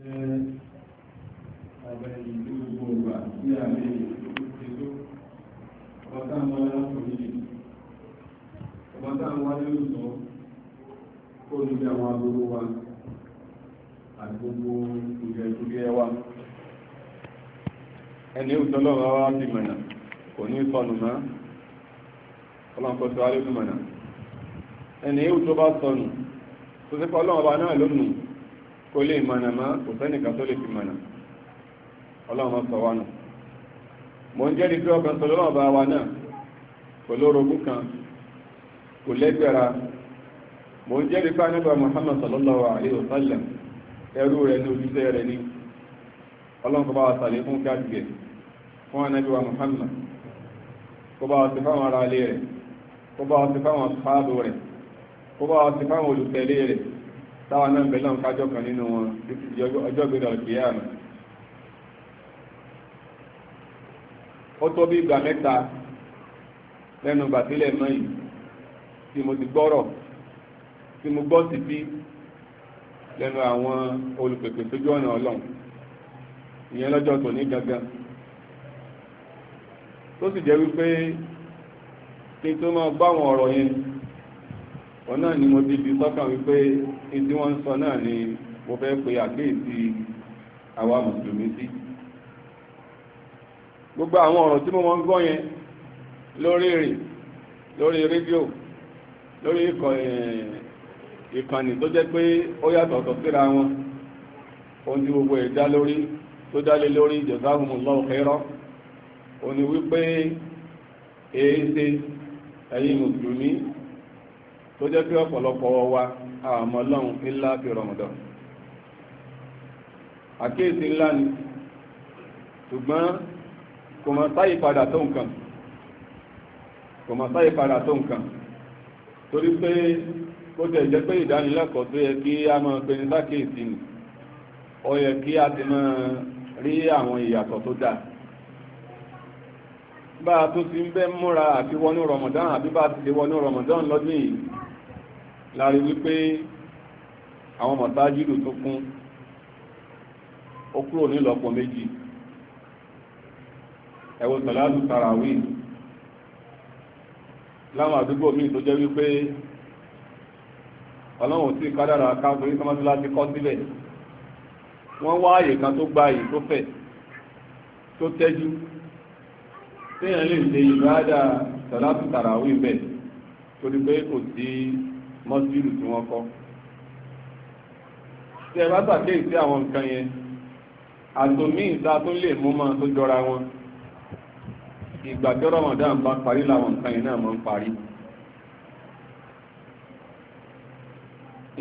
jẹ́ àbẹ̀yìn tó gbogbo ọgbà sí àbẹ̀yìn tó ti tó ọba tá àwọn alákòóyè ọba tá àwọn aláìsọ kó níbi àwọn agbogbo wa àgbogbo ìgbẹ̀gbẹ̀ wa ẹni ìtọ́lọ́rọ̀ wa ti mọ̀nà kò ní sọnù mọ́ ọlọ́nkọ́ sí wa lójú mọ̀nà ẹni ìwù tó bá sọnù tó sí pọ́ ọlọ́run ọba náà lónìí kó lè mọ̀nà mọ́ kò sẹ́nìkan tó lè fi mọ̀nà ọlọ́run sọ wa nù mo ń jẹ́rìí pé ọkàn sọ lọ́wọ́ bá wa náà kò lórogún kan kò lẹ́gbẹ̀ra mo ń jẹ́rìí pé anábà Muhammad sallallahu alaihi wasallam ẹrú rẹ̀ ní ojúṣe rẹ̀ ní ọlọ́run táwọn náà bẹ̀lọ́ ń kájọ́ kan nínú wọn títí di ọjọ́ ìgbéra ìkìyàmù ó tó bí ìgbà mẹ́ta lẹ́nu gbàtílẹ̀ mọ́ yìí tí mo ti gbọ́rọ̀ tí mo gbọ́ sí bí lẹ́nu àwọn olùpèpè sójú ọ̀nà ọlọ́run ìyẹn lọ́jọ́ tòní gangan tó sì jẹ́ wípé kí n tó máa gbọ́ àwọn ọ̀rọ̀ yẹn wọn náà ni mo dìbì sọ́kàn wípé ìdí wọ́n ń sọ náà ni mo fẹ́ pe àkéèsí àwa mùsùlùmí sí gbogbo àwọn ọ̀rọ̀ tí mo mọ́ ń gbọ́ yẹn lórí rìn lórí rédíò lórí ìkànnì tó jẹ́ pé ó yàtọ̀tọ̀ síra wọn ohun tí gbogbo ẹ̀dá lórí tó dálé lórí jazahumullahu khairan òní wípé èéṣe ẹ̀yin mùsùlùmí tó jẹ́ pé ọ̀pọ̀lọpọ̀ wa àmọ́ lọ́hùn ńlá fi rọ̀mọ̀dọ̀ àkíyèsí ńlá ni ṣùgbọ́n kò mọ̀ sáyé padà tó nǹkan kò mọ̀ sáyé padà tó nǹkan torí pé kó tẹ̀ jẹ́ pé ìdánilẹ́kọ̀ọ́ tó yẹ kí a máa pe ní sákèèsí ni ó yẹ kí a ti máa rí àwọn ìyàtọ̀ tó dáa bá a tó ti ń bẹ́ múra àti wọnú Ramadan àbí bá a ti lè wọnú Ramadan lọ́dún yìí láàrin wípé àwọn mọ̀tájìlù tó kún ó kúrò nílọ́pọ̀ méjì ẹ̀wọ̀n sọ̀láàdù tàràwì láwọn àdúgbò míì tó jẹ́ wípé ọlọ́run tí kádàrà káàkiri kọ́mọ́tí láti kọ́ sílẹ̀ wọ́n wá àyè kan tó gba àyè tó fẹ̀ tó tẹ́jú téèyàn lè ṣe ìbáradà sọ̀láàtù tàràwì bẹ́ẹ̀ torí pé kò sí mọ́sílù tí wọ́n kọ́ tí ẹ bá ṣàkíyèsí àwọn nǹkan yẹn àtòmí ìta tó lè mú máa tó jọra wọn ìgbà tí Ramadan bá parí láwọn nǹkan yẹn náà máa ń parí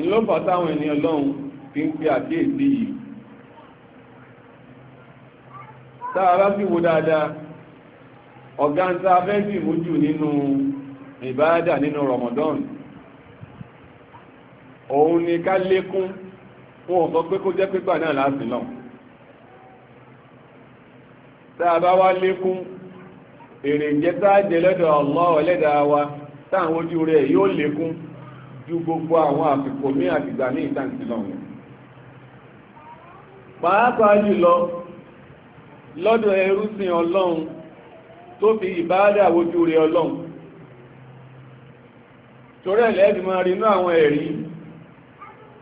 ìlọ́pàá táwọn ènìyàn lọ́hùn fi ń pe àkíyèsí yìí tá a bá sì wo dáadáa ọ̀gá ń ta fẹ́ sì mójú nínú ìbáradà nínú Ramadan òun ni ká lékún wọn ò sọ pé kó jẹ́ pípà náà láti náà tá a bá wá lékún èrè jẹ́ tá a jẹ lọ́dọ̀ Allah ẹlẹ́dàá wa táwọn ojú rẹ̀ yóò lékún ju gbogbo àwọn àsìkò ní àtìgbà ní ìtàǹtì náà pàápàá jùlọ lọ́dọ̀ ẹrúsìn ọlọ́run tó fi ìbáádà ojú rẹ̀ ọlọ́run torí ẹ̀lẹ́dìmọ̀ rinú àwọn ẹ̀rí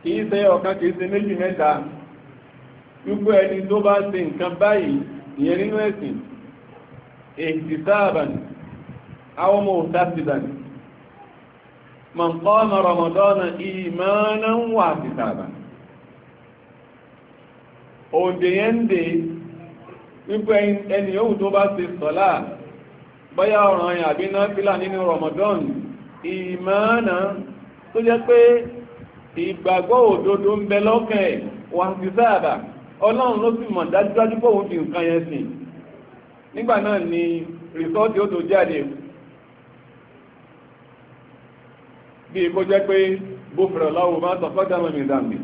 kìí ṣe ọ̀kan kìí ṣe méjì mẹ́ta gbogbo ẹni tó bá se nǹkan báyìí ìyẹn nínú ẹ̀sìn èyí sáàbàn àwọn ọmọ òtásìbàn man qama ramadana imanan wa ihtisaban òǹdè yẹn ń gbogbo ẹni yòówù tó bá se sọ́lá bọ́yá ọ̀ràn àbí náà nínú ramadan imanan tó jẹ́ pé ìgbàgbọ́ òdodo ń bẹ lọ́kàn ẹ̀ wà sí sáàbà ọlọ́run ló sì mọ̀ dájúdájú pé òun fi nǹkan yẹn sìn nígbà náà ni rìsọ́ọ̀tì ó tó jáde bí kó jẹ́ pé gbófinrọ̀ láwo máa sọ fọ́jà mọ́ mi zambi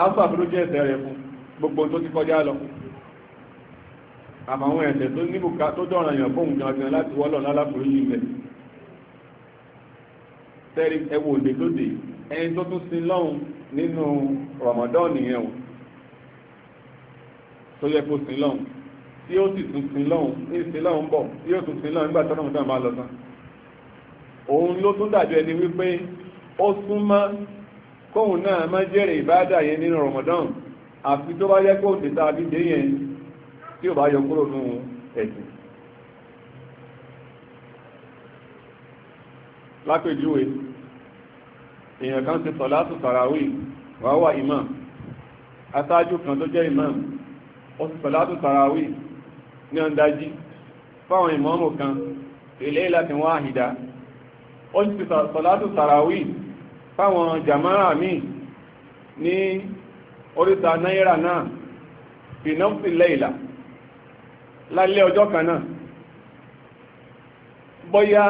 alfa tó jẹ́ ẹsẹ̀ rẹ̀ fún gbogbo tó ti kọjá lọ àmàwọn ẹ̀sẹ̀ tó níbùkà tó dọ̀ràn yàn fóun gangan láti wọ́lọ̀ lálábùrú yìí mẹ́ tẹ́rí ẹwọ́ òde tó dé ẹni tó tún sin lọ́hùn nínú Ramadan nìyẹn o tó yẹ kó sin lọ́hùn tí ó sì tún sin lọ́hùn ní sin lọ́hùn bọ̀ tí ó tún sin lọ́hùn nígbà tó Ramadan bá lọ tán òun ló tún dàbí ẹni wípé ó súnmọ́ kóhun náà má jẹ́rẹ̀ ìbádà yẹn nínú Ramadan àfi tó bá yẹ kóhun tètà àbídé yẹn tí ò bá yọ kúrò nínú ẹ̀sìn lápèjúwe èèyàn kan ti sọ̀látù tàràwì wàwà imam aṣáájú kan tó jẹ́ imam ó ti sọ̀látù tàràwì ní ọ̀ndájí fáwọn ìmọ̀ọ́mù kan ilé ìlàtí wọ́n àhìdá ó ti sọ̀látù tàràwì fáwọn jàmáà míì ní oríta náírà náà fìnọ́pì lẹ́ìlà lálẹ́ ọjọ́ kan náà bóyá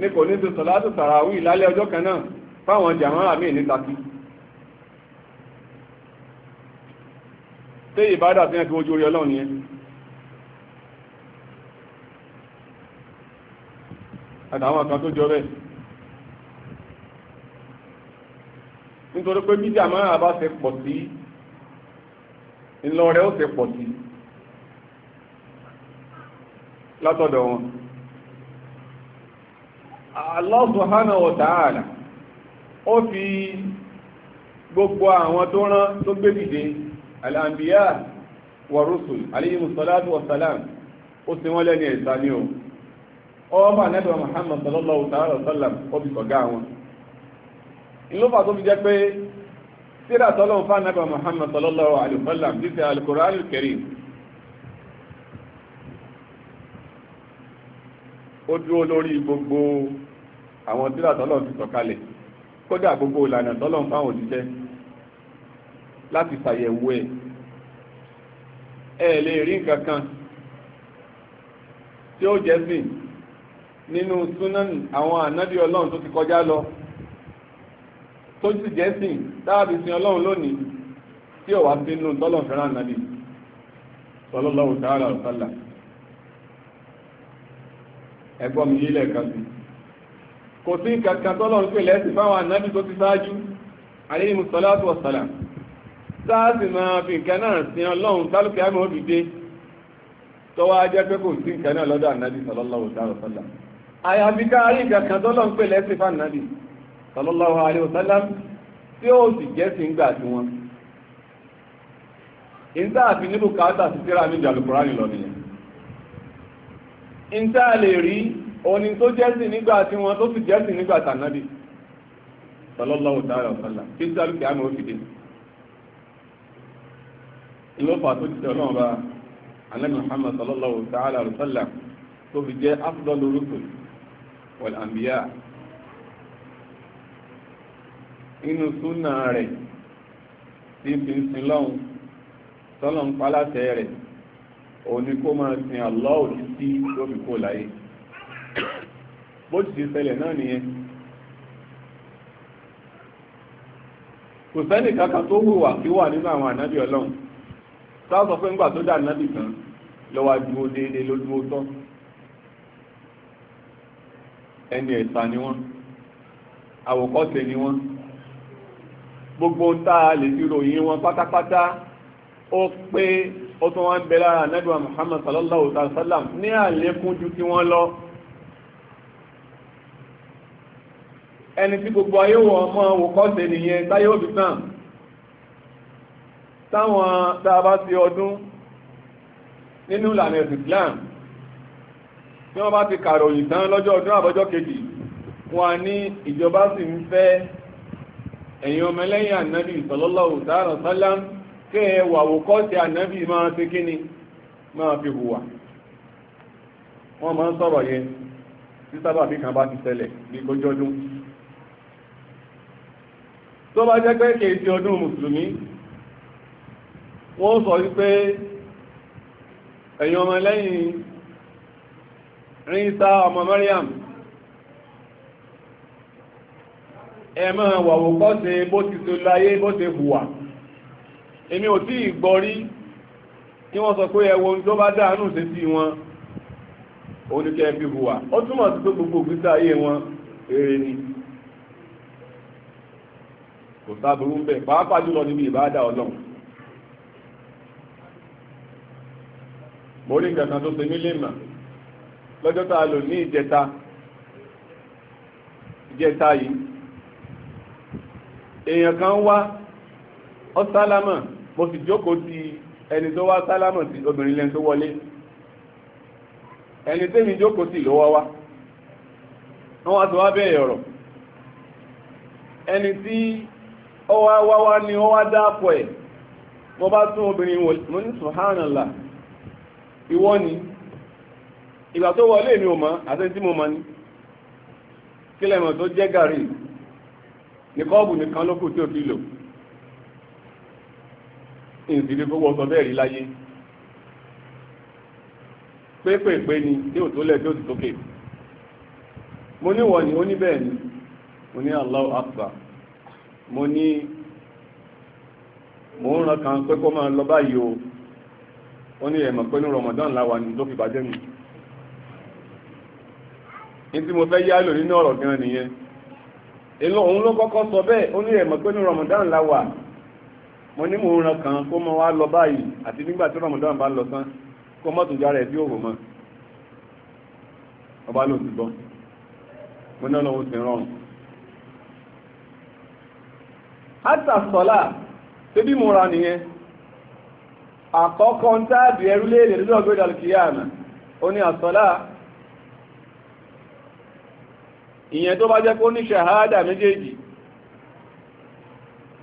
ní kò ní ti sọ̀látù tàràwì lálẹ́ ọjọ́ kan náà fáwọn jàmọ́ra míì ní Ṣakí tí ìbádà tí wọ́n fi ojú orí ọlọ́run yẹn àtàwọn kan tó jọ bẹ́ẹ̀ nítorí pé bí jàmọ́ra bá ṣe pọ̀ sí ńlọ rẹ̀ ó ṣe pọ̀ sí látọ̀dọ̀ wọn Allah subhanahu wa ta'ala ó fi gbogbo àwọn tó rán tó gbé dìde al-anbiya wa rusul alayhimu salatu wa salam ó sì wọ́n lẹ́ni ẹ̀sà ní o ọba anẹ́bẹ̀wà Muhammad sallallahu ta'ala sallam ó fi kọ̀gá wọn ìlúfà tó fi jẹ́ pé síra tọ́lọ́ fún anẹ́bẹ̀wà Muhammad sallallahu alayhi sallam ti ṣe al-Qur'an ó dúró lórí gbogbo àwọn síra tọ́lọ́ ti sọ̀kalẹ̀ kódà gbogbo ìlànà tọ́lọ́n fáwọn òṣìṣẹ́ láti ṣàyẹ̀wò ẹ̀ ẹ lè rí nǹkan kan tí ó jẹ́ nínú súnan àwọn ọlọ́run tó ti lọ tó sì jẹ́ dáàbì sin lónìí tí ó wà tọ́lọ́n fẹ́ràn kò sí kankan tọ́lọ̀ ń pè lẹ́sìn fáwọn ànábì tó ti ṣáájú alayhi salatu wassalam sáàsì máa fi nǹkan náà sin ọlọ́run tálùkì àmì ó dìde tọ́wọ́ ajẹ́ pé kò sí nǹkan náà lọ́dọ̀ ànábì sallallahu alaihi wasallam àyàfi ká rí nǹkan kan tọ́lọ̀ ń pè lẹ́sìn fáwọn ànábì sallallahu alaihi wasallam tí ó sì jẹ́ sí ńgbà tí wọ́n ìta àfi níbùkátà sí tíra ní ìjàlùkùránì lọ nìyẹn ìta lè rí òní tó jẹ́sìn nígbà tí wọn tó sì jẹ́sìn nígbà tànábì sallallahu ta'ala wa sallam kí sálùkì àmì òfìdè ìlọ́fà tó ti tẹ̀lé ọba anabi muhammad sallallahu ta'ala wa sallam tó fi jẹ́ afdalu rusul wal anbiya inú súnà rẹ̀ tí fi ń sin lọ́hùn tọ́lọ̀ ń paláṣẹ rẹ̀ òní kó máa sin Allah òjì sí tó kó láyé bó ti ti ṣẹlẹ̀ náà nìyẹn kò sẹ́nì kankan tó hùwà kí wà nínú àwọn ànábì ọlọ́run sáà sọ pé ńgbà tó dà nábì kan lọ́wọ́ dúró déédéé ló dúró tọ́ ẹni ẹ̀ta ni wọ́n àwòkọ́ṣe ni wọ́n gbogbo tá a lè fi ròyìn wọn pátápátá ó pé ó tún wá ń bẹ lára ànábì Muhammad sallallahu alaihi wa sallam ní àlékún ju tí wọ́n lọ ẹni tí gbogbo ayé wọ ọmọ wòkọ́sẹ̀ nìyẹn táyé òbí tàn táwọn tàbá sí ọdún nínú ìlànà ẹ̀sìn Islam tí wọ́n bá ti kàròyìn tán lọ́jọ́ ọdún àbọ́jọ́ kejì wọn ní ìjọba sì ń fẹ́ ẹ̀yin ọmọ ànábì sallallahu ta'ala sallam kẹ́ ẹ wà wòkọ́sẹ̀ ànábì máa fi kíni máa fi hùwà wọ́n máa ń sọ̀rọ̀ yẹn tí sábàbí kan bá ti ṣẹlẹ̀ bí kójọ́dún tó bá jẹ́ pé kìí ti ọdún mùsùlùmí wọ́n sọ wípé ẹ̀yin ọmọ lẹ́yìn ríńsá ọmọ Mariam ẹ máa wàwò kọ́ ṣe bó ti so láyé bó ṣe hùwà èmi ò tí ì gbọ́ rí kí wọ́n sọ pé ẹwọ tó bá dáánù sí sí wọn oníkẹ́ fi hùwà ó túmọ̀ sí gbogbo ògbésí ayé wọn èrè ni kò sáburú ń bẹ̀ pàápàá jùlọ níbi ìbáàdà ọlọ́run mo rí nǹkan kan tó ṣe mí mà lọ́jọ́ tá a lò ní ìjẹta ìjẹta yìí èèyàn kan wá ọ sálámà mo sì jókòó ti ẹni tó wá sálámà sí obìnrin lẹ́nu tó wọlé ẹni tẹ́mi jókòó sí ló wá wá wọ́n wá tó wá bẹ́ẹ̀ ọ̀rọ̀ ẹni tí ọwá wáwá ni wọ́n wá dáàpọ̀ ẹ̀ wọ́n bá tún obìnrin mo ní subhanallah ìwọ ni ìgbà tó wọlé mi ò mọ̀ àti tí mo mọ̀ ni kílẹ̀ mọ̀ tó jẹ́ gàrí ní kọ́ọ̀bù nìkan ló tí ò fi lò ìsìnkú gbogbo ọ̀sán bẹ́ẹ̀ rí láyé pépèpé ni tí ò tó lẹ̀ tí ó ti tókè mo níwọ̀ ni ó ní bẹ́ẹ̀ ni mo ní Allahu akbar mo ní mo ń ràn kan pé kó máa lọ báyìí o ó ní ẹ̀mọ̀ pé ní Ramadan láwa ní tó fi bàjẹ́ ní tí mo fẹ́ yálò nínú ọ̀rọ̀ gan nìyẹn èlò òun ló kọ́kọ́ sọ bẹ́ẹ̀ ó ní ẹ̀mọ̀ pé ní Ramadan láwa mo ní mo ń ràn kan kó máa wá lọ báyìí àti nígbà tí Ramadan bá lọ tán kó tún jára ẹ̀ òwò mọ́ ọba ló ti hátà sọ́lá tó bí múra nìyẹn àkọ́kọ́ ń táàbì ẹrú léèrè lórí ọgbẹ́ ìdàlùkìyàmà ó ní àsọ́lá ìyẹn tó bá jẹ́ kó ní ṣàhádà méjèèjì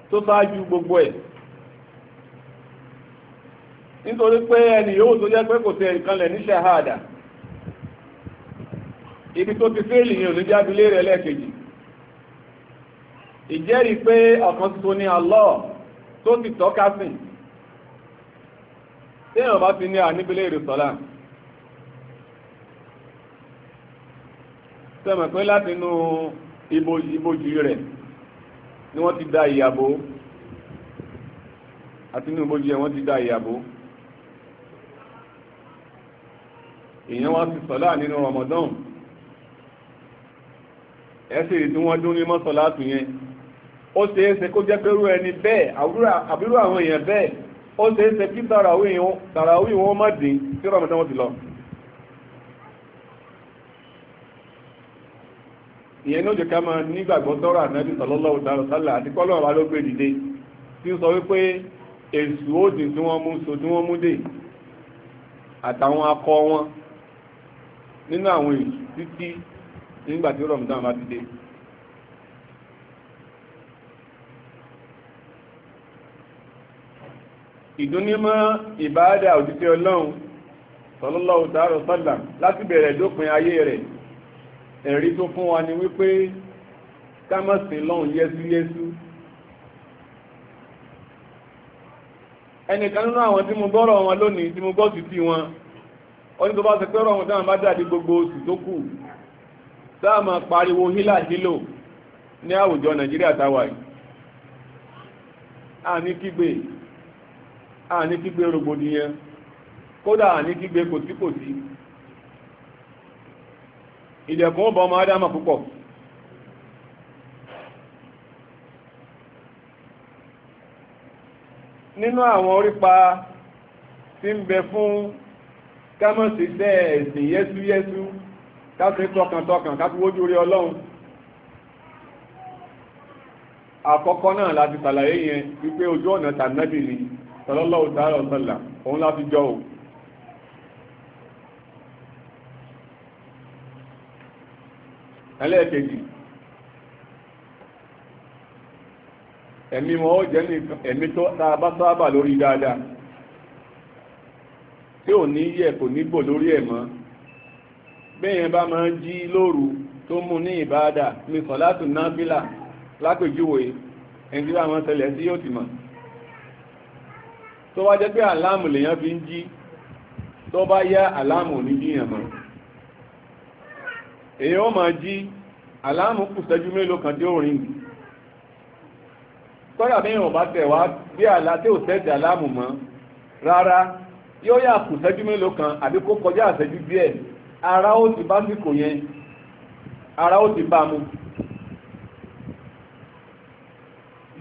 tó sáájú gbogbo ẹ̀ nítorí pé ẹni yóò tó jẹ́ pé kò tẹ ní ibi tó ti ní jábílé ìjẹ́rìí pé ọ̀kan tuntun ni Allah tó ti tọ́ka sí tí èèyàn bá ti ní àníbílẹ̀ ìrìsọ́lá sẹ́mọ̀ pé láti inú ibojì rẹ̀ ni wọ́n ti da ìyàbò àti inú ibojì rẹ̀ wọ́n ti da ìyàbò èèyàn wá sí sọ́lá nínú Ramadan ẹ̀sìn tí ní mọ́sọ̀lá tún yẹn ó ṣe é ṣe kó jẹ́ pẹ́rú ẹni bẹ́ẹ̀ àbúrò àwọn èèyàn bẹ́ẹ̀ ó ṣe é ṣe kí tàràwí wọn má dín tí rọmọdé wọn ti lọ ìyẹn ló jẹ́ ká máa nígbàgbọ́ tọ́rọ̀ ànábì sallallahu alaihi wasallam àti kọ́lọ̀ wa ló gbé dìde tí ó sọ wípé èṣù òdì tí wọ́n mú so tí wọ́n mú dè àtàwọn akọ wọn nínú àwọn èṣù títí nígbà tí rọmọdé wọn bá ti dé ìdúnnímọ́ ìbáadà òjíṣẹ́ ọlọ́run sallallahu ta'ala sallam láti bẹ̀rẹ̀ dópin ayé rẹ̀ ẹ̀rí tó fún wa ni wípé kámọ́sí lọ́hùn yẹ́sú yẹ́sú ẹnìkan nínú àwọn tí mo gbọ́rọ̀ wọn lónìí tí mo gbọ́ sí ti wọn ọdún tó bá ṣe pẹ́rọ wọn táwọn bá jáde gbogbo oṣù tó kù sáàmà pariwo hílà hílò ní àwùjọ Nàìjíríà táwa yìí a a ní kígbe rògbòdìyàn kódà a ní kígbe kòtíkòtí ìdẹ̀kùn ọba ọmọ adama púpọ̀ nínú àwọn orípa tí ń bẹ fún kámọ̀síṣẹ́ ẹ̀sìn yẹ́súyẹ́sú káfí tọkàntọkàn káfí wójú rí ọlọ́run àkọ́kọ́ náà láti tàlàyé yẹn wípé ojú ọ̀nà tàbí ni sallallahu ta'ala wa sallam òun láti jọ o ẹlẹ́ẹ̀kejì ẹ̀mí wọn ó jẹ́ ní ẹ̀mí tó tàbá sábà lórí dáadáa tí ò ní yẹ kò níbò lórí ẹ̀ mọ́ bẹ́yẹn bá máa jí lóru tó mú ní ìbáadà ní sọ̀látù náà bílà lápèjúwe ẹni tí bá tẹ̀lẹ̀ sí yóò ti mọ̀ tó wá jẹ́ pé àláàmù lèyàn fi ń jí tó bá yá àláàmù ní jíyàn mọ́ èyàn ó máa jí àláàmù kù sẹ́jú mélòó kan tí ó rìn tọ́yà mẹ́rin bá tẹ̀ wá bí àlá tí ò sẹ́jì àláàmù mọ́ rárá yóò yà kù sẹ́jú mélòó kan àbí kó kọjá àṣẹ́jú díẹ̀ ara ó ti bá síkò yẹn ara ó ti bá mu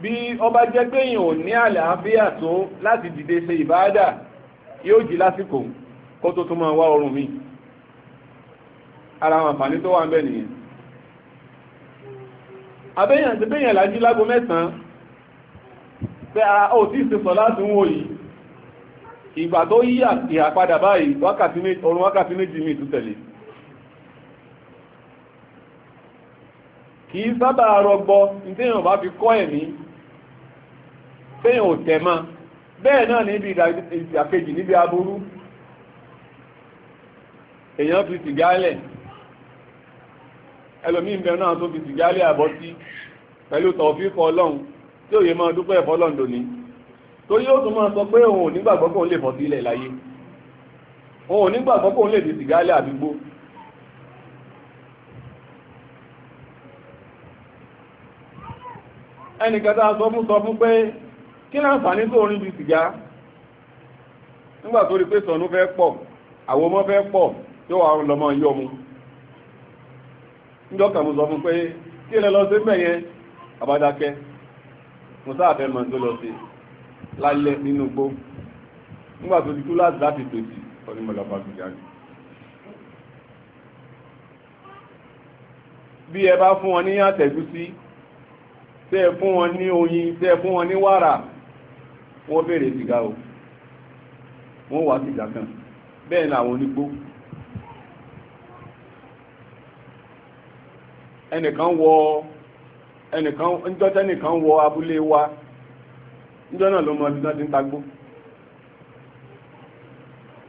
bí ọba jẹ́ pé èèyàn ò ní àlàáfíà tó láti dìde ṣe ìbáádà yóò jí lásìkò kó tó tún máa wá oorun mi ara àwọn àǹfààní tó wà ń bẹ̀ nìyẹn abẹ́yàn ti bẹ́yàn lájí lágbo mẹ́sàn-án pé a ò tí ṣe sọ láti ń wò yìí ìgbà tó yí ìhàpadà báyìí orun wákàtí méjì mi tún tẹ̀lé kìí sábà rọgbọ ní tí èèyàn bá fi kọ́ ẹ̀mí téèyàn ò tẹ̀ mọ́ bẹ́ẹ̀ náà níbi ìdàkejì níbi aburú èèyàn fi sìgálẹ̀ ẹlòmí ìbẹ̀ náà tó fi sìgálẹ̀ àbọ́tí pẹ̀lú tọ̀fífọ́ ọlọ́run tí òye máa dúpẹ́ ẹ̀fọ́ lọ́ndọ̀ ni tó yóò tún máa sọ pé òun ò nígbàgbọ́ kóun lè fọ́ sílẹ̀ láyé òun ò nígbàgbọ́ kóun lè fi sìgálẹ̀ àdúgbò ẹnìkan tá a sọ fún sọ fún pé kí láǹfààní tó orin bí sìgá nígbà tó rí pé sọ̀nù fẹ́ pọ̀ àwọn ọmọ fẹ́ pọ̀ tí ó wà lọ́mọ yọ mu níjọ́ kàmù sọ fún pé kí lẹ lọ sí mẹ́yẹn àbádákẹ́ mo sáàfẹ́ mọ̀ tó lọ sí lálẹ́ nínú gbó nígbà tó ti tú láti tòsí onímọ̀lọ́pàá sìgá ni bí ẹ bá fún wọn ní àtẹ̀gúsí tẹ́ fún wọn ní oyin tẹ́ fún wọn ní wàrà wọ́n bèèrè sìgá o wọ́n wá sìgá kan bẹ́ẹ̀ ni àwọn onígbó ẹnìkan wọ ẹnìkan ńjọ́tẹ́ nìkan wọ abúlé wa ńjọ́ náà ló mọ ibi náà ti ń tagbó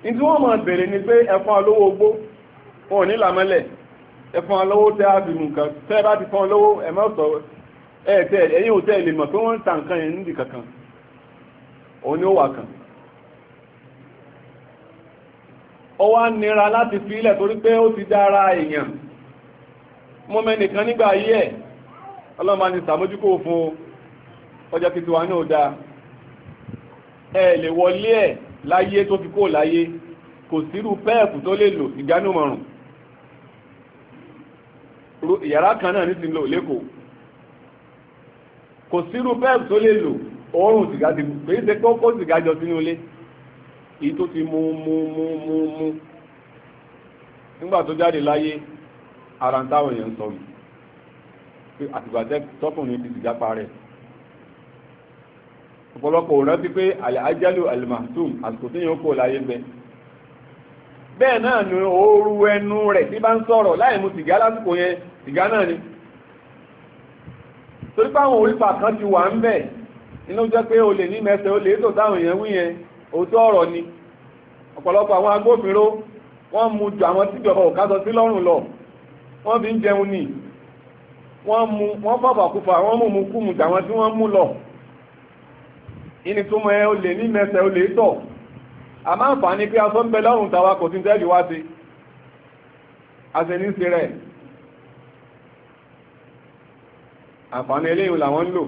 ní tí wọ́n máa bèèrè ni pé ẹ̀fọn olówó ogbó wọn ò ní làmọ́lẹ̀ ẹ̀fọn olówó tẹ́ àbìmù nǹkan tẹ́ bá ti fọn olówó ẹ̀mọ́ sọ ẹ̀ẹ́tẹ́ ẹ̀yìn òtẹ́ ìlèmọ̀ pé wọ́n ń ta nǹkan yẹn nídìí kankan òní ó wà kàn ó wá nira láti fi ilẹ̀ torí pé ó ti dára èèyàn mọ́ mẹ́nìkan nígbà ayé ẹ̀ ọlọ́mà ni sàmójúkò fún ọjọ́ títí wa náà dáa ẹ lè wọlé ẹ̀ láyé tó fi kó láyé kò sírú pẹ́ẹ̀kù tó lè lò ìdánimọ̀rùn yàrá kan náà ní ti lò lẹ́kọ̀ọ́ kò sírú pẹ́ẹ̀kù tó lè lò oorun sìgá ti kù pé ṣe kókó sìgá jọ sínú ilé èyí tó ti mu mu mu mu mu nígbà tó jáde láyé ara ń táwọn èèyàn sọ yìí pé àtìgbà tọkùnrin ti sìgá parẹ́ ọ̀pọ̀lọpọ̀ ò rántí pé àjálù alimatum àsìkò tí yóò kó láyé bẹ bẹ́ẹ̀ náà ni ooru ẹnu rẹ̀ tí bá ń sọ̀rọ̀ láì mu sìgá lásìkò yẹn sìgá náà ni torí pé àwọn orípa kan ti wà ń bẹ́ẹ̀ inú jẹ́ pé olè ní mẹ́sẹ̀ olè tó táwọn èèyàn wí yẹn òótọ́ ọ̀rọ̀ ni ọ̀pọ̀lọpọ̀ àwọn agbófinró wọ́n mú ju àwọn tíjọba ò kásọ sí lọ́rùn lọ wọ́n fi ń jẹun nì wọ́n mú wọ́n fàfà kúfà wọ́n mú mú kúmù tàwọn tí wọ́n mú lọ ìní tó mọ ẹ olè ní mẹ́sẹ̀ olè tọ̀ àmọ́ àǹfààní pé aṣọ ń bẹ lọ́rùn tàwa kò ti ń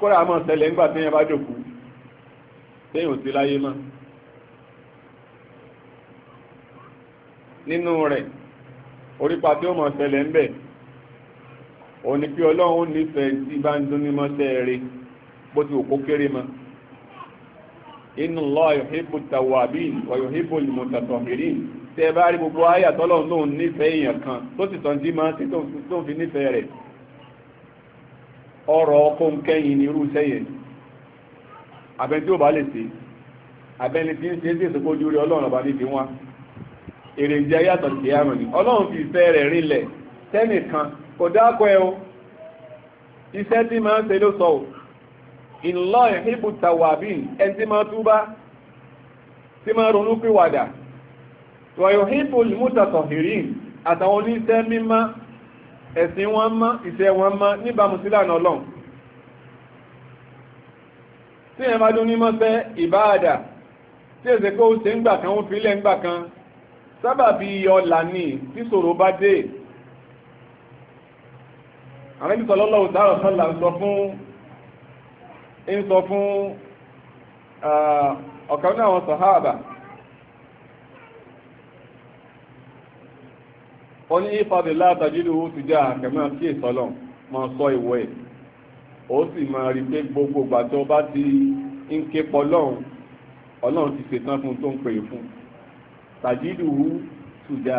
kóra àmọ́ ṣẹlẹ̀ ńgbà téèyàn bá jòkó téèyàn ò sí láyé mọ́ nínú rẹ̀ orípa tí ó mọ̀ ṣẹlẹ̀ ńbẹ̀ òní pé ọlọ́run nífẹ̀ẹ́ tí bá ń dún ní mọ́ṣẹ́ rẹ̀ bó ti òkó kéré mọ́ inú lọ yòhíbù tàwàbí ọ̀yòhíbù ìmọ̀tàtọ̀hìrì tẹ́ bá rí gbogbo ayàtọ́lọ́run lóun nífẹ̀ẹ́ èèyàn kan tó sì tọ́jú máa sí tó fi nífẹ̀ẹ́ rẹ̀ ọrọ̀ ọkọ̀ nkẹ́yìn ní irú iṣẹ́ yẹn tí ó bá lè ṣe abẹ́ni tí ń ṣe sí rí ọlọ́run ọba níbi ọlọ́run fi ìfẹ́ rẹ̀ rinlẹ̀ tẹ́nìkan kò dákọ̀ ẹ o iṣẹ́ tí máa ń ṣe o ìlọ́ ìhìbù ẹni tí máa túbá tí máa ronú mútàtọ̀ àtàwọn oníṣẹ́ mímá ẹ̀sìn wọn mọ́ ìṣẹ́ wọn mọ́ níbàámu sí ìlànà ọlọ́run tí ẹ̀ bá dún ní mọ́sẹ́ ìbáàdà tí èsè pé ó ṣe ń gbà kan ó filẹ̀ ń gbà kan sábà bí ọlà ní tí ṣòro bá dé àwọn ibi sọlọ́lọ́ òtárọ̀ sọ́là ń sọ fún ń sọ fún ah, ọ̀kan náà wọn sọ̀háàbà wọ́n ní ìfàdé látàjílù ti já àkẹ́mọ́ sí ìsọ́lọ̀ máa sọ ìwọ ẹ̀ ó sì máa rí pé gbogbo ìgbà tó bá ti ń ké pọ̀ lọ́hùn ọlọ́run ti ṣetán fún tó ń pè é fún tàjílù ti já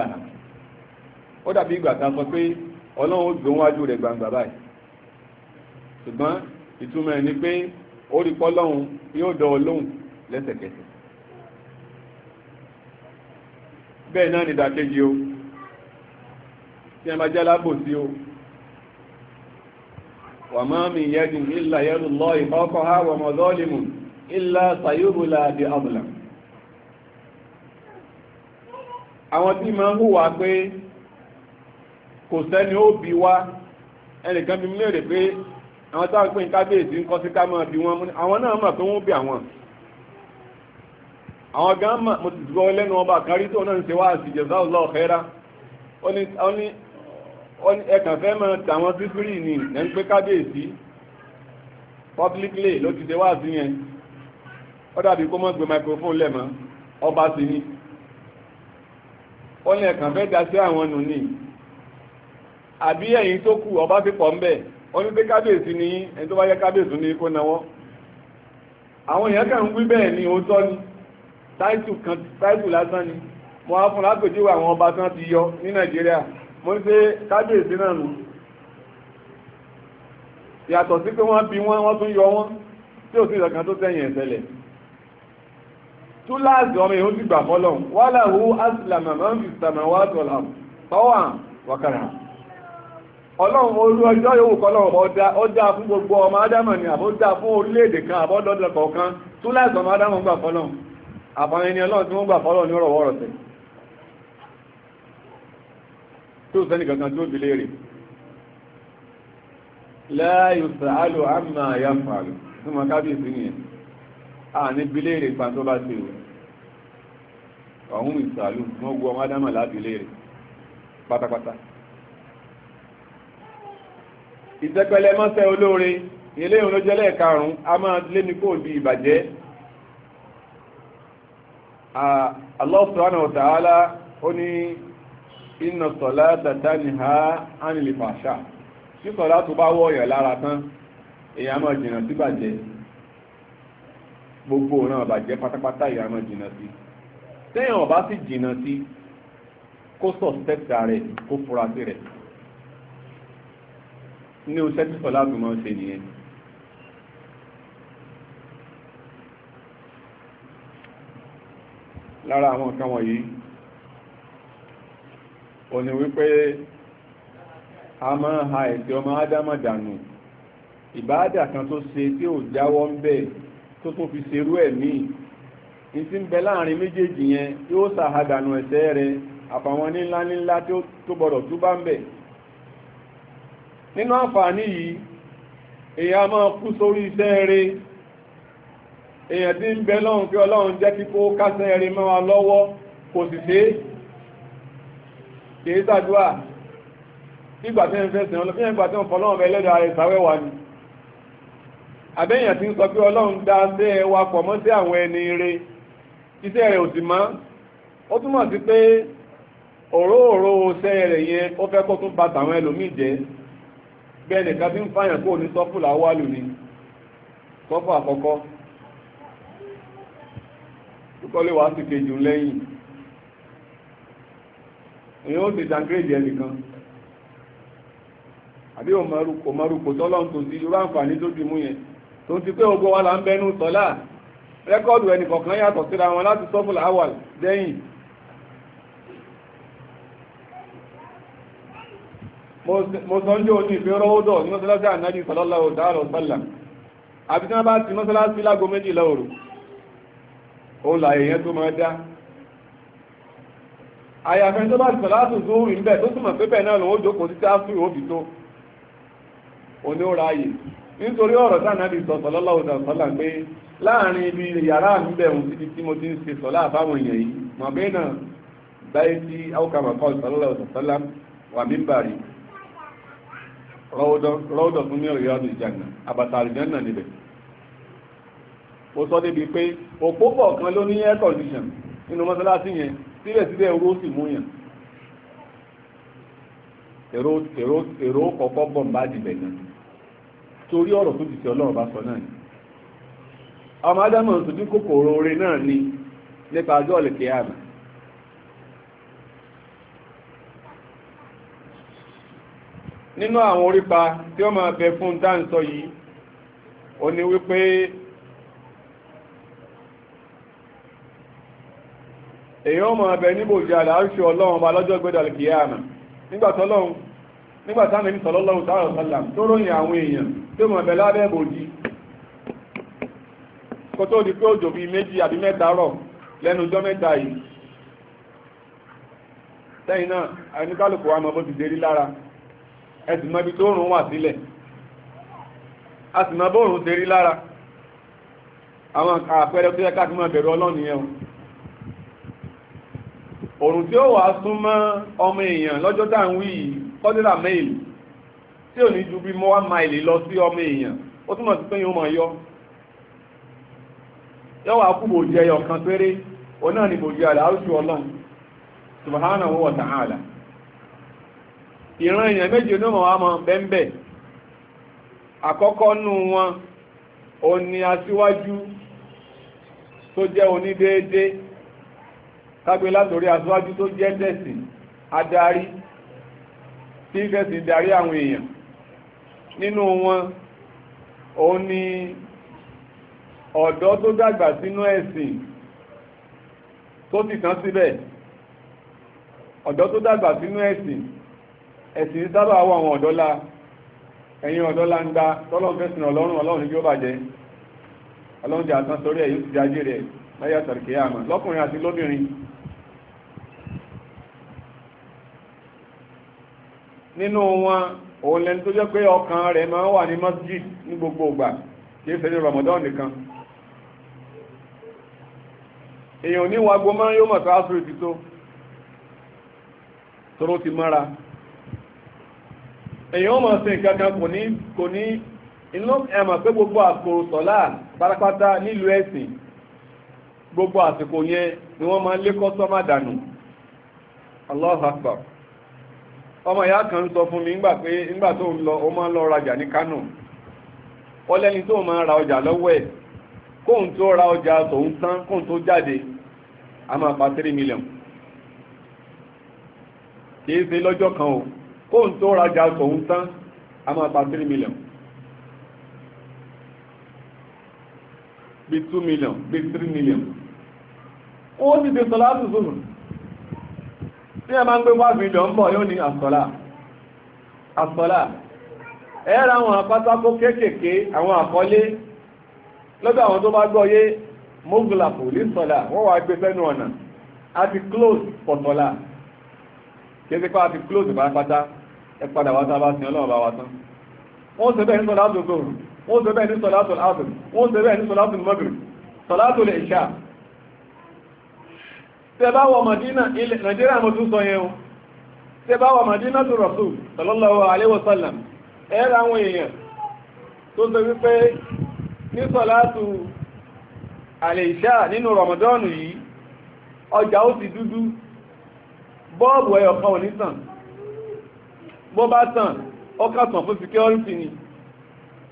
ó dàbí ìgbà tá a sọ pé ọlọ́run ó gbé wájú rẹ̀ gbangba báyìí ṣùgbọ́n ìtumọ̀ ẹ̀ ni pé ó rí pọ́ lọ́hùn yóò dọ̀ ọ́ lóhùn lẹ́sẹ̀kẹsẹ̀ náà ni ìdàkejì o tí a máa jẹ́ lábò sí o wà máa mi yẹ́dùn ilà yẹ́dùn lọ ìfọ́kọ́ ha wà mọ̀ lọ́ọ̀lìmù ilà sayúbùlà di ọ̀bùlà àwọn tí máa ń hùwà pé kò sẹ́ni ó bi wá ẹnìkan bí mẹ́rẹ̀ pé àwọn táwọn pé kábíyèsí ń kọ́ sí ká máa bi wọ́n mú àwọn náà mọ̀ pé wọ́n bí àwọn àwọn gan mọ̀ mo ti gbọ́ lẹ́nu ọba kan tó náà ń ṣe wá àṣìjẹ̀ sáà lọ́ọ̀kẹ́rá ó ní ẹkàn fẹ́ mọ́ tàwọn sífírì ní ẹ̀ ń pé kábíyèsí publicly ló ti ṣe wá sí yẹn ó dàbí kó mọ́ gbé microphone lẹ́mọ́ ọba sí ni ó ní ẹkàn fẹ́ dá sí àwọn nù ní àbí ẹ̀yìn tó kù ọba ti pọ̀ ńbẹ̀ ó ní pé kábíyèsí ní ẹni tó bá yẹ kábíyèsí ní kó náwó àwọn èèyàn kàn ń wí bẹ́ẹ̀ ni òótọ́ ni táìtù lásán ni mo á fún lápèjúwe àwọn ọba tán ti yọ ní nàìjíríà mo ṣe kábíyèsí náà nù yàtọ̀ sí pé wọ́n bí wọ́n wọ́n tún yọ wọ́n tí ò sí ìrọ̀kan tó tẹ̀yìn ẹ̀sẹ̀lẹ̀ túláàsì ọmọ èèyàn ti gbà fọ́lọ̀ wà láhú asìlàmà máa ń fi sàmà wá tọ̀lá tọ́wà wàkàrà ọlọ́run olú ọjọ́ yóò kọlọ́run ó dá fún gbogbo ọmọ ádámà ni àbó dá fún orílẹ̀-èdè kan àbọ́dọ́dọ̀ kọ̀ọ̀kan túláàsì ọmọ ádámà ń gbà fọ́lọ̀ àbáyẹni ọlọ́run tí wọ́n gbà fọ́lọ̀ ní ọ̀rọ̀ wọ́rọ̀ tẹ̀lé tó sẹ́ni kankan tó dìlé rẹ̀ láàyò sàálò àmà àyà fàálù ma kábíyèsí nìyẹn a ní bílé rẹ̀ pa tó bá ṣe rẹ̀ ọ̀hún ìsàálù wọ́n gbọ́ ọmọ adámà lábílé rẹ̀ pátápátá olóore ilé karùn-ún a máa lé ní kò di ìbàjẹ́ Allah subhanahu wa ta'ala iná sọ̀lá tàtà ní ha ánìlè fàṣà tí sọ̀lá tó bá wọ́ ọ̀yàn lára tán èyàn máa jìnà sí bàjẹ́ gbogbo náà bàjẹ́ pátápátá èyàn máa jìnà sí téèyàn bá sì jìnà sí kó sọ̀tẹ́tà rẹ̀ kó fura sí rẹ̀ ní oṣẹ́ tí sọ̀lá tó máa ń ṣe nìyẹn lára àwọn nǹkan wọ̀nyí ó ní wípé a máa ha ẹ̀sẹ̀ ọmọ ádámọ̀ dànù ìbáàdà kan tó ṣe tí ò jáwọ́ ń bẹ̀ tó tó fi ṣerú ẹ̀ míì ní tí ń bẹ láàrin méjèèjì yẹn yóò ṣàhàdànù ẹ̀sẹ̀ rẹ̀ àfàwọn nílá nílá tó gbọdọ̀ tó bá ń bẹ̀ nínú àǹfààní yìí èyàn máa kú sórí iṣẹ́ rẹ̀ èyàn ti ń bẹ lọ́hùn pé ọlọ́run jẹ́ kásẹ̀ lọ́wọ́ kò sì kìí sàdúà nígbà tí wọ́n fẹ́ sìn ọlọ́run tí wọ́n ni ti ń sọ pé ọlọ́run dá sí ẹ wa pọ̀ mọ́ sí àwọn ẹni rẹ̀ iṣẹ́ rẹ̀ ò sì mọ́ ó túmọ̀ sí pé òróòró rẹ̀ yẹn ó fẹ́ kó tún ẹlòmíì jẹ́ bẹ́ẹ̀ nìkan ń fàyàn kó ní sọ́fù sọ́fù àkọ́kọ́ tó kejì lẹ́yìn èyàn ó ti dàngrèdì ẹnìkan àbí òmọrùkò tọ́lọ́ tó ti irú àǹfààní tó ti mú yẹn tó ti pé ogbó wa là ń bẹnu sọ́lá rẹ́kọ́ọ̀dù ẹnìkọ̀ọ̀kan yàtọ̀ síra wọn láti sọ́fùlà àwà dẹ́yìn mo sọ ń jò ní ìfẹ́ rọ́wọ́dọ̀ ní mọ́sálásí ànájú sallallahu ta'ala sallam àbí tí wọ́n bá ti mọ́sálásí lágo méjìlá òru ó là èèyàn tó máa dá àyàfẹ́ tó bá ti sọ̀lá tún zuhuri ń bẹ̀ tó túnmọ̀ pé bẹ́ẹ̀ náà lòun jókòó sí sáfì òbí tó òní ó ráyè nítorí ọ̀rọ̀ sáà náà ti sọ sọlọ́lá òsà sọ́là pé láàrin ibi yàrá mi bẹ̀ òun títí tí ti ń ṣe sọ̀lá àbáwọn èèyàn yìí mọ̀ bẹ́ẹ̀ náà báyé tí áwùkàmà kọ́ sọlọ́lá òsà sọ́là wà mí bàrí rọ́ọ̀dọ̀ fún air condition nínú mọ́sálásí yẹn síbẹ̀síbẹ̀ èrò sì múyàn ero kọ̀ọ̀kọ́ bọ̀ ń bá dìbẹ̀ náà torí ọ̀rọ̀ tó ti ṣe ọlọ́run bá sọ náà ni ọmọ adámọ̀ tó dín kòkòrò orin náà ni nípa ọjọ́ ọ̀lẹ̀kẹ́ nínú àwọn orípa tí ó máa bẹ fún dáńsọ yìí ó ní wípé èyí ọmọ ẹbẹ níbo jẹ àdáṣe ọlọ́run ọba lọ́jọ́ gbẹ́dọ̀ alìkìyàmà nígbàtọ́lọ́run nígbàtánà ní sọlọ́lọ́run sáàrọ̀ sálàm tó ròyìn àwọn èèyàn tó mọ̀ ẹ̀bẹ̀ lábẹ́ bòjì kó tó di pé òjò bíi méjì àbí mẹ́ta rọ̀ lẹ́nu ọjọ́ mẹ́ta yìí sẹ́yìn náà wa mọ̀ bó ti dérí lára ẹ sì ibi tó rùn wà sílẹ̀ a sì mọ̀ bó rùn dérí lára àwọn àpẹẹrẹ tó yẹ mọ̀ bẹ̀rù ọlọ́run yẹn òrùn tí ó wà súnmọ́ ọmọ èèyàn lọ́jọ́ tá à ń wí yìí kọ́dúnlá mẹ́ìlì tí ò ní ju bí lọ sí ọmọ èèyàn ó túmọ̀ sí pé yóò mọ̀ yọ yọ́wọ́ àkúbò jẹyọ kan péré òun náà ni bòjì àlà àrùsù ọlọ́run ìran kágbé látorí aṣáájú tó jẹ́ tẹ̀sìn adarí tí tẹ̀sìn darí àwọn èèyàn nínú wọn o ni ọ̀dọ́ tó dàgbà sínú ẹ̀sìn tó kan tán síbẹ̀ ọ̀dọ́ tó dàgbà sínú ẹ̀sìn ẹ̀sìn sábà wọ àwọn ọ̀dọ́ la ẹ̀yin ń tọ́lọ́ láyé nínú wọn òun lẹni tó jẹ́ pé ọkàn rẹ̀ máa wà ní masjid ní gbogbo ìgbà kìí ṣe ní Ramadan nìkan èyàn ní wagbo máa yóò mọ̀ sáásùrì ti tó tọrọ ti mára èèyàn mọ̀ sí nǹkan kan kò ní inú pé gbogbo àsìkò sọ̀lá pátápátá nílùú gbogbo àsìkò ni wọ́n máa ọmọ ìyá kan sọ fún mi nígbà tó ń lọ ó máa ń lọ rajà ní Kánò ó lẹ́ni tó máa ra ọjà lọ́wọ́ ẹ̀ kóhun tó ra ọjà tòun tán kóhun tó jáde a máa pa three million kìí ṣe lọ́jọ́ kan o kóhun tó rajà tòun tán a máa pa three million bí two million bí three million ó ti di sọlá tuntun tí ẹ máa ń gbé wáàbí ìjọ ń bọ̀ yóò ní àsọ̀lá àsọ̀lá ẹ̀ẹ́ra àwọn àpátákó kéékèèké àwọn àkọlé lọ́dọ̀ àwọn tó bá gbọ́yé mọ́gùlàpù ní sọ̀lá wọ́n wá gbé fẹ́nu ọ̀nà a ti close pọ̀tọ̀lá kéèké pa a ti close pátápátá ẹ padà wá sábà sí ọlọ́run bá wa tán wọ́n ṣe bẹ́ẹ̀ ní sọ̀lá tó gbòòrò wọ́n ṣe bẹ́ẹ̀ ní sọ̀lá tó láàbùn wọ́n ṣe bẹ́ẹ̀ ní sọ̀lá tó mọ́gùn sọ̀lá tó lè ṣáà tẹbá wọ Madina ilẹ̀ Nàìjíríà mo tún sọ yẹn o tẹbá wọ Madina tó Rasul sallallahu alaihi wasallam ẹ̀rọ àwọn èèyàn tó sọ wípé ní sọ̀látù àlèṣà nínú Ramadan yìí ọjà ó ti dúdú bọ́ọ̀bù ẹyọ kan ò ní tàn bó bá tàn ọkà tàn fún security ni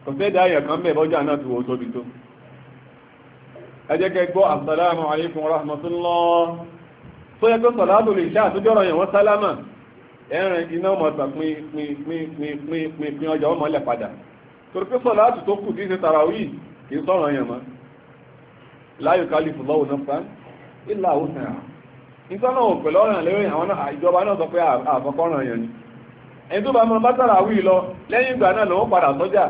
kò fẹ́ dá ẹyọ kan bẹ́ẹ̀ bọ́jà náà ti wò tóbi tó ẹ jẹ́ kẹ́ gbọ́ assalamu tó yẹ pé sọ̀làdù lè ṣáà tó jọ́rọ̀ yẹn wọ́n sálámà ẹ̀rìn iná ọmọ ọ̀gbà pin pin pin pin pin pin ọjà ọmọ ilẹ̀ padà torí pé sọ̀làdù tó kù díṣe tàràwí kì í sọ̀rọ̀ yẹn mọ́ láyò kálífù lọ́wọ́ náà fún ilà òsàn à nítorí àwọn òpèlè ọ̀ràn lẹ́yìn àwọn ìjọba náà sọ pé àkọ́kọ́ràn yẹn ni ẹni tó bá mọ bá tàràwí lọ lẹ́yìn ìgbà náà lọ́wọ́ padà sọ́jà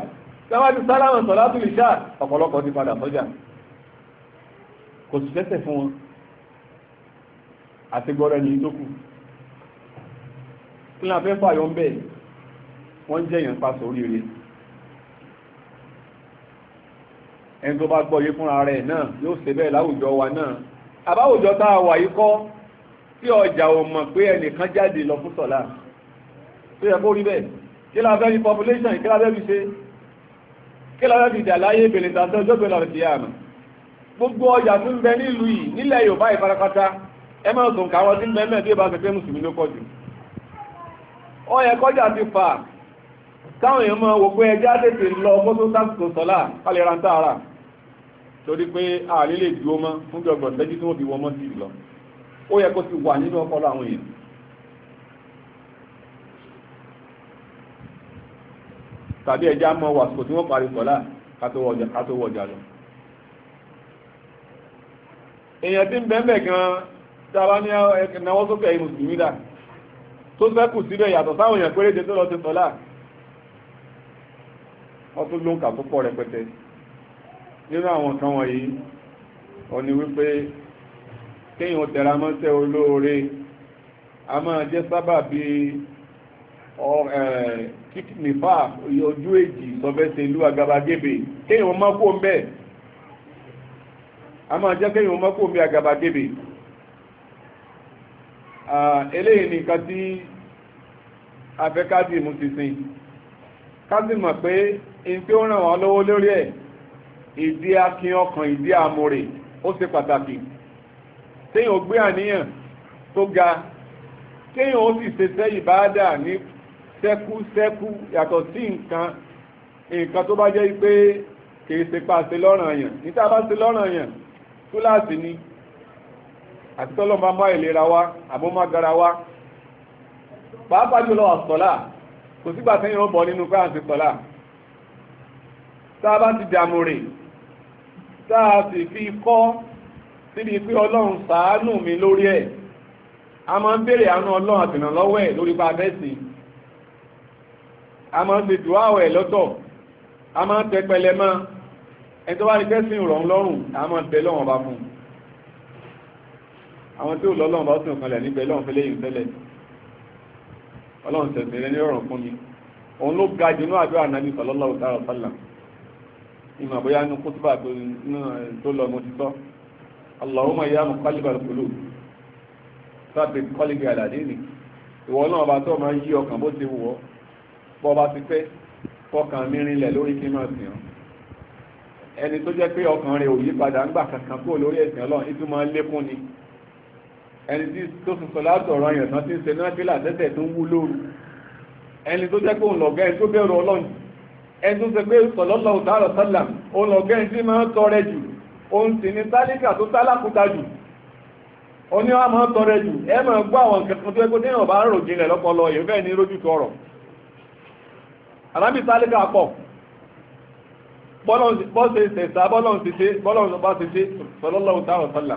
sáwá ti sálámà sọ̀làdù lè ṣáà ọ̀pọ̀lọpọ̀ ti padà sọ́jà kò sì fẹ́sẹ̀ fún wọn àti gbọ́rọ̀ ẹni tó kù kí ní afẹ́ fàyọ ń bẹ̀ wọ́n jẹ́ èèyàn pa sórí rẹ̀ ẹni tó bá gbọ́ yé fúnra rẹ̀ náà yóò ṣe bẹ́ẹ̀ láwùjọ wa náà àbáwùjọ tá a wà yìí kọ́ tí ọjà ò mọ̀ pé ẹnìkan jáde lọ fún sọ̀lá tó yẹ kó rí bẹ́ẹ̀ kí la fẹ́ fi population kí la fẹ́ fi ṣe kí la fẹ́ fi dà láyé ìbèlè tàbí ọjọ́ ìbèlè àti ìyá gbogbo ọjà tó ń bẹ nílùú yìí nílẹ̀ Yorùbá ìfarapata ẹ káwọn tí ń bẹ mẹ́ẹ̀dé mùsùlùmí ló yẹ kọjá ti fà èèyàn wò pé lọ sọ́lá torí pé lè dúró mọ́ fún tí wọ́n fi wọ́n mọ́ lọ ó yẹ kó ti wà nínú àwọn èèyàn tàbí tí wọ́n parí sọ́lá kátó ọjà lọ èèyàn ti ń bẹ́ẹ̀ tàbá ní ẹ̀kẹ̀nàwọ́ sókè ẹ̀yìn mùsùlùmí dà tó sẹ́kù síbẹ̀ yàtọ̀ sáwọn èèyàn péréje tó lọ sí sọ́lá wọ́n tún ló ń kà tó pọ̀ rẹpẹtẹ nínú àwọn kan wọ̀nyí wọ́n ní wípé kéèyàn tẹra mọ́ṣẹ́ olóore a máa jẹ́ sábà bí kíkìnìfà ojú èjì sọfẹ́sẹ̀ ìlú àgàbàgebè kéèyàn mọ́kò ń a máa jẹ́ kéèyàn mọ́kò ń bẹ̀ eléyìí nìkan tí afẹ́kádì mú ti sin kádì mọ̀ pé in tí ó ràn wọ́n lọ́wọ́ lórí ẹ̀ ìdí akin ọkàn ìdí amòrè ó ṣe pàtàkì téèyàn ó gbé àníyàn tó ga téèyàn ó sì ṣe sẹ́yìn bá dà ní sẹ́kúsẹ́kú yàtọ̀ sí nǹkan nǹkan tó bá jẹ́ pé kìí ṣe pa ṣe lọ́ràn yàn níta bá ṣe lọ́ràn yàn túláàsì ni àti tọ́lọ́ máa má ìlera wa àbó má gara wa pàápàá jùlọ àsọ̀là kò sígbà sẹ́yìn ó bọ̀ nínú pé àti sọ̀là tá a bá ti dààmú rè tá a sì fi kọ́ síbi pé ọlọ́run ṣàánú mi lórí ẹ̀ a máa ń béèrè àánú ọlọ́run àtìnà lọ́wọ́ ẹ̀ lórí pa a máa ń ṣe dùá ẹ̀ lọ́tọ̀ a máa ń tẹpẹlẹ mọ́ ẹni tó bá ní kẹ́sìn rọ̀ ń lọ́rùn a máa ń tẹ lọ́wọ́n bá fún un àwọn tí ó lọ ọlọ́run bá sùn kanlẹ̀ níbẹ̀ lọ́run fẹ́lẹ́ yìí tẹ́lẹ̀ ọlọ́run tẹ̀sìn rẹ ní ọ̀rọ̀ fún mi òun ló ga jù ní àdúrà nàbí sallallahu ta'ala sallam ìmọ̀ àbóyá ní kútùbà tó lọ mo ti sọ Allahumma ya muqallibal qulub sábẹ̀ kọ́lìbì àlàdé nì ìwọ náà ọba tó máa yí ọkàn bó ti wù bọ́ ọba ti fẹ́ fọkàn mi rinlẹ̀ lórí kí máa sìn ẹni tó jẹ́ pé ọkàn rẹ̀ ò ń gbà kankan kúrò lórí ẹ̀sìn ọlọ́run ìtumọ̀ lékún ni ẹni tí tó fi sọ látọ̀ ọ̀rọ̀ yẹn tán ti ń ṣe náà fílà tẹ́tẹ̀ tó ń wú lóru ẹni tó jẹ́ pé òun lọ̀gá ẹni tó bẹ̀rù ọlọ́run ẹni tó ṣe pé sọ̀lọ́lọ́ òtárọ̀ sálà òun lọ̀gá ẹni tí máa ń tọrẹ jù òun sì ní tálíkà tó tálákúta jù oní wa máa ń tọrẹ jù ẹ máa gbọ́ àwọn nǹkan tó ẹgbẹ́ téèyàn bá ń rò jinlẹ̀ lọ́pọlọ yìí bẹ́ẹ̀ ni lójú tọrọ àlábì tálíkà pọ̀ bọ́lọ̀ bọ́ ṣe ṣẹ̀ṣà bọ́lọ̀ ṣe ṣe bọ́lọ̀ ṣe ṣe sọ̀lọ́lọ́ sálà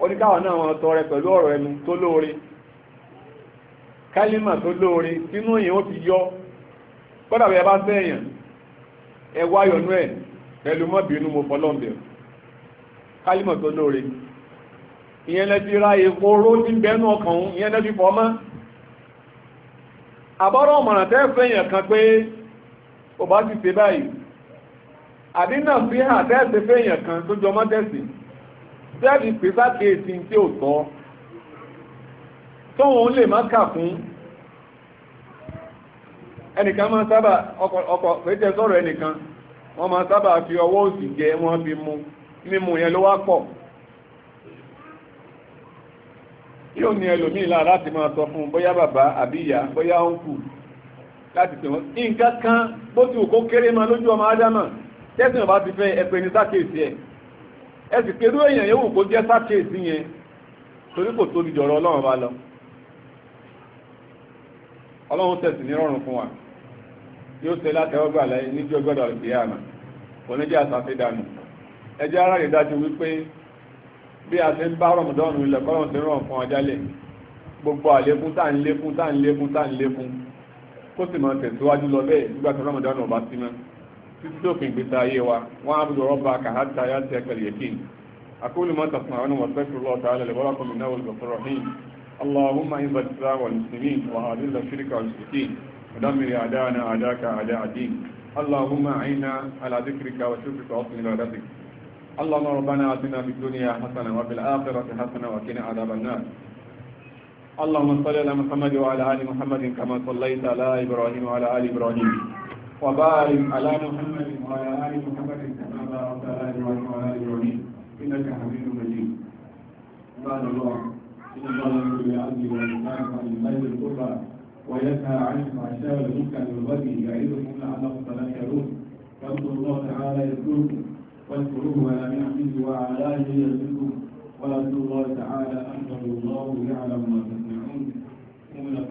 oníkàwà náà wọn tọrẹ pẹ̀lú ọ̀rọ̀ ẹnu tó lóore kálímà tó lóore tínú èèyàn ó ti yọ kọ́dà bá sẹ́yìn ẹ yọnú ẹ̀ pẹ̀lú mọ́bìnú mo fọlọ́m̀bẹ̀ kálímà tó lóore ra èkó oró bẹ́nu ọkàn ìyẹn fọ́ mọ́ ọ̀mọ̀ràn tẹ́ kan pé ti ṣe kan tó jọmọ́ tẹ́ẹ̀bì pé sákèésí tí ò tọ́ tóun lè má kà fún ẹnìkan máa sábà ọkọ̀ pété sọ̀rọ̀ ẹnìkan wọ́n máa sábà fi ọwọ́ òsì jẹ wọ́n fi mu mímu yẹn ló wá pọ̀ yóò ní ẹlòmíì lára láti máa sọ fún bóyá bàbá àbí ìyá bóyá òǹkù láti tẹ̀wọ́n nǹkan kan bó ti wù kó kéré máa lójú ọmọ ádámà tẹ́sán bá ti fẹ́ ẹ̀pẹ́ ní sákèésí ẹ̀ ẹ sì pé irú èèyàn yóò wù kó jẹ́ sákèésí yẹn torí kò tóbi jọ̀rọ̀ ọlọ́run bá lọ ọlọ́run tẹ̀sí ní rọrùn fún wa yóò tẹ látẹ̀wọ́gbà láyé níjọ́ gbọ́dọ̀ ìgbéyàmà kò ní jẹ́ àsàfidànù ẹjẹ́ ara rẹ̀ dájú wípé bí a ti ń bá rọmọdọ́nù ilẹ̀ kọ́lọ̀n ti rán fún ọjálẹ̀ gbogbo àlékún tá ń lékún tá ń lékún tá ń lékún kó sì mọ̀ tẹ̀síwájú lọ bẹ́ẹ̀ nígbà tí rọmọdọ́nù ọba sí mọ́ títí tó fi ìgbésà ayé wa wọ́n á bí lọ́rọ́ bá kà á ta yá ti ẹ̀kẹ́ yẹ̀kín أقول ما تسمعون واستغفر الله تعالى لي ولكم إنه الغفور الرحيم اللهم إنزل الإسلام والمسلمين وأذل الشرك والمشركين ودمر أعداءنا أعداءك أعداء الدين اللهم أعنا على ذكرك وشكرك وحسن عبادتك اللهم ربنا آتنا في الدنيا حسنة وفي الآخرة حسنة وقنا عذاب النار اللهم صل على محمد وعلى آل محمد كما صليت على إبراهيم وعلى آل إبراهيم وبارك على محمد وعلى آل محمد كما باركت على إبراهيم وعلى آل إبراهيم إنك حميد مجيد عباد الله إن الله يأمر بالعدل والإحسان وإيتاء ذي القربى وينهى عن الفحشاء والمنكر والبغي يعظكم لعلكم تذكرون فاذكروا الله تعالى يذكركم واذكروه على نعمه وعلى آله يذكركم واذكروا الله تعالى أنه الله يعلم ما